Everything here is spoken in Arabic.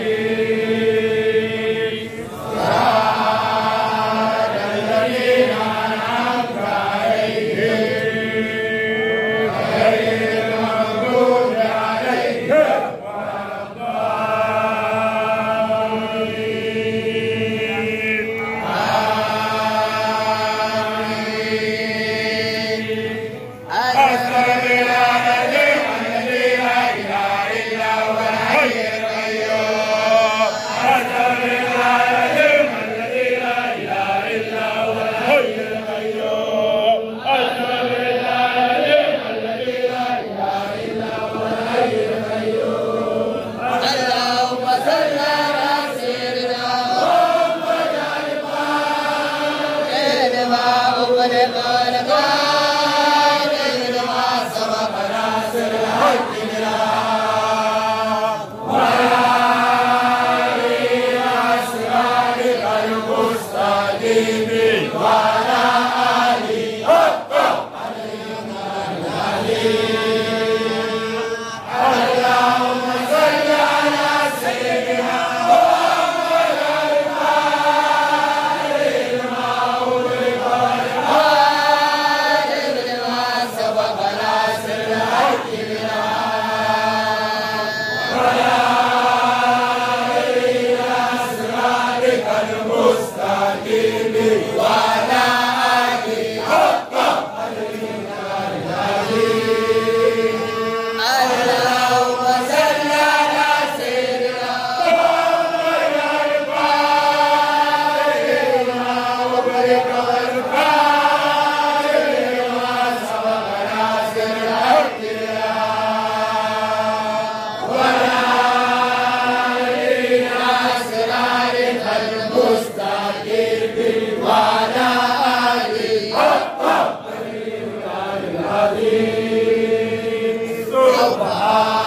King. Aquele Bye.